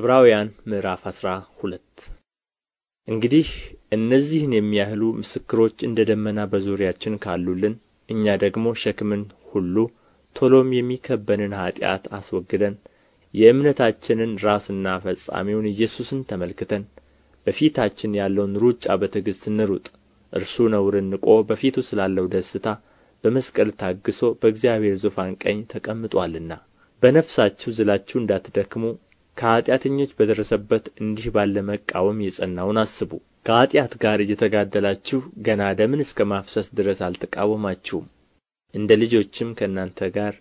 ዕብራውያን ምዕራፍ አስራ ሁለት እንግዲህ እነዚህን የሚያህሉ ምስክሮች እንደ ደመና በዙሪያችን ካሉልን እኛ ደግሞ ሸክምን ሁሉ ቶሎም የሚከበንን ኀጢአት አስወግደን የእምነታችንን ራስና ፈጻሚውን ኢየሱስን ተመልክተን በፊታችን ያለውን ሩጫ በትዕግሥት እንሩጥ። እርሱ ነውርን ንቆ በፊቱ ስላለው ደስታ በመስቀል ታግሶ በእግዚአብሔር ዙፋን ቀኝ ተቀምጧልና በነፍሳችሁ ዝላችሁ እንዳትደክሙ ከኃጢአተኞች በደረሰበት እንዲህ ባለ መቃወም የጸናውን አስቡ ከኃጢአት ጋር እየተጋደላችሁ ገና ደምን እስከ ማፍሰስ ድረስ አልተቃወማችሁም እንደ ልጆችም ከእናንተ ጋር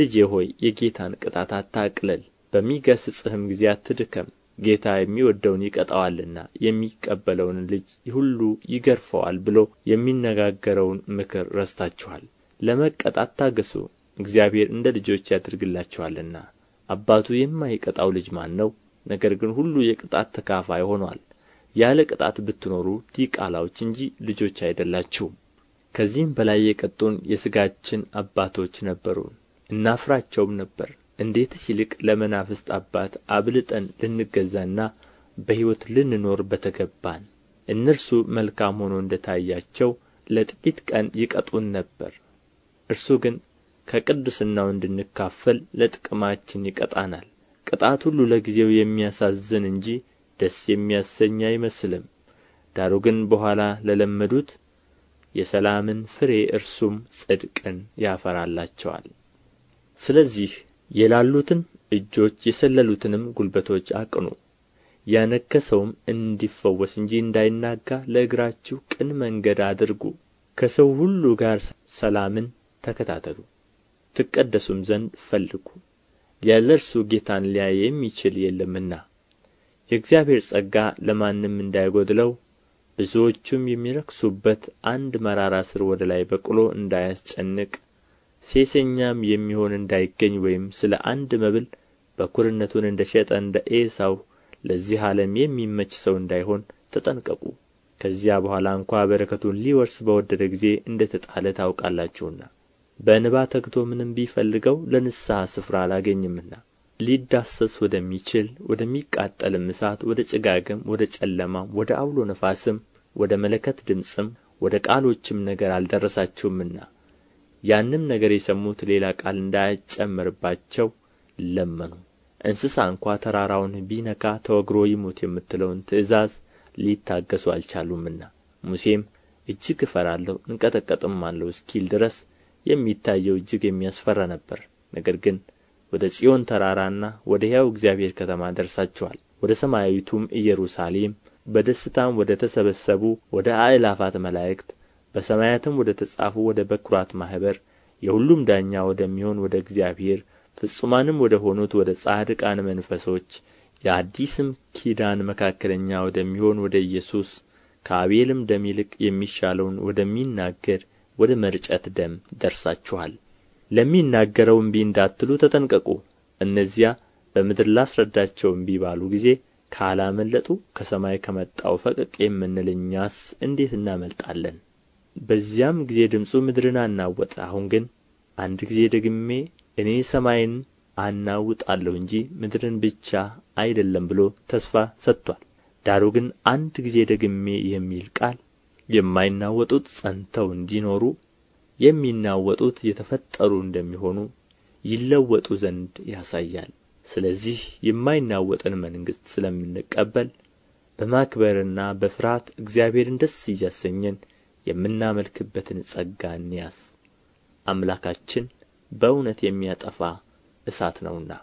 ልጄ ሆይ የጌታን ቅጣት አታቅልል በሚገስጽህም ጊዜ አትድከም ጌታ የሚወደውን ይቀጣዋልና የሚቀበለውን ልጅ ሁሉ ይገርፈዋል ብሎ የሚነጋገረውን ምክር ረስታችኋል ለመቀጣት ታገሱ፣ እግዚአብሔር እንደ ልጆች ያደርግላችኋልና አባቱ የማይቀጣው ልጅ ማን ነው ነገር ግን ሁሉ የቅጣት ተካፋይ ሆኖአል ያለ ቅጣት ብትኖሩ ዲቃላዎች እንጂ ልጆች አይደላችሁም ከዚህም በላይ የቀጡን የሥጋችን አባቶች ነበሩን እናፍራቸውም ነበር እንዴትስ ይልቅ ለመናፍስት አባት አብልጠን ልንገዛና በሕይወት ልንኖር በተገባን እነርሱ መልካም ሆኖ እንደ ታያቸው ለጥቂት ቀን ይቀጡን ነበር እርሱ ግን ከቅድስናው እንድንካፈል ለጥቅማችን ይቀጣናል። ቅጣት ሁሉ ለጊዜው የሚያሳዝን እንጂ ደስ የሚያሰኝ አይመስልም። ዳሩ ግን በኋላ ለለመዱት የሰላምን ፍሬ እርሱም ጽድቅን ያፈራላቸዋል። ስለዚህ የላሉትን እጆች የሰለሉትንም ጉልበቶች አቅኑ። ያነከሰውም እንዲፈወስ እንጂ እንዳይናጋ ለእግራችሁ ቅን መንገድ አድርጉ። ከሰው ሁሉ ጋር ሰላምን ተከታተሉ። ትቀደሱም ዘንድ ፈልጉ ያለ እርሱ ጌታን ሊያይ የሚችል የለምና የእግዚአብሔር ጸጋ ለማንም እንዳይጎድለው ብዙዎቹም የሚረክሱበት አንድ መራራ ሥር ወደ ላይ በቅሎ እንዳያስጨንቅ ሴሰኛም የሚሆን እንዳይገኝ ወይም ስለ አንድ መብል በኩርነቱን እንደ ሸጠ እንደ ኤሳው ለዚህ ዓለም የሚመች ሰው እንዳይሆን ተጠንቀቁ። ከዚያ በኋላ እንኳ በረከቱን ሊወርስ በወደደ ጊዜ እንደ ተጣለ ታውቃላችሁና። በእንባ ተግቶ ምንም ቢፈልገው ለንስሐ ስፍራ አላገኝምና ሊዳሰስ ወደሚችል ወደሚቃጠልም እሳት ወደ ጭጋግም ወደ ጨለማም ወደ አውሎ ነፋስም ወደ መለከት ድምፅም ወደ ቃሎችም ነገር አልደረሳችሁምና ያንም ነገር የሰሙት ሌላ ቃል እንዳይጨመርባቸው ለመኑ። እንስሳ እንኳ ተራራውን ቢነካ ተወግሮ ይሙት የምትለውን ትእዛዝ ሊታገሱ አልቻሉምና ሙሴም እጅግ እፈራለሁ እንቀጠቀጥማለሁ እስኪል ድረስ የሚታየው እጅግ የሚያስፈራ ነበር ነገር ግን ወደ ጽዮን ተራራና ወደ ሕያው እግዚአብሔር ከተማ ደርሳችኋል ወደ ሰማያዊቱም ኢየሩሳሌም በደስታም ወደ ተሰበሰቡ ወደ አእላፋት መላእክት በሰማያትም ወደ ተጻፉ ወደ በኵራት ማኅበር የሁሉም ዳኛ ወደሚሆን ወደ እግዚአብሔር ፍጹማንም ወደ ሆኑት ወደ ጻድቃን መንፈሶች የአዲስም ኪዳን መካከለኛ ወደሚሆን ወደ ኢየሱስ ከአቤልም ደም ይልቅ የሚሻለውን ወደሚናገር ወደ መርጨት ደም ደርሳችኋል ለሚናገረው እምቢ እንዳትሉ ተጠንቀቁ እነዚያ በምድር ላስረዳቸው እምቢ ባሉ ጊዜ ካላመለጡ ከሰማይ ከመጣው ፈቀቅ የምንል እኛስ እንዴት እናመልጣለን በዚያም ጊዜ ድምፁ ምድርን አናወጠ አሁን ግን አንድ ጊዜ ደግሜ እኔ ሰማይን አናውጣለሁ እንጂ ምድርን ብቻ አይደለም ብሎ ተስፋ ሰጥቷል። ዳሩ ግን አንድ ጊዜ ደግሜ የሚል ቃል የማይናወጡት ጸንተው እንዲኖሩ የሚናወጡት የተፈጠሩ እንደሚሆኑ ይለወጡ ዘንድ ያሳያል ስለዚህ የማይናወጥን መንግሥት ስለምንቀበል በማክበርና በፍርሃት እግዚአብሔርን ደስ እያሰኘን የምናመልክበትን ጸጋ እንያስ። አምላካችን በእውነት የሚያጠፋ እሳት ነውና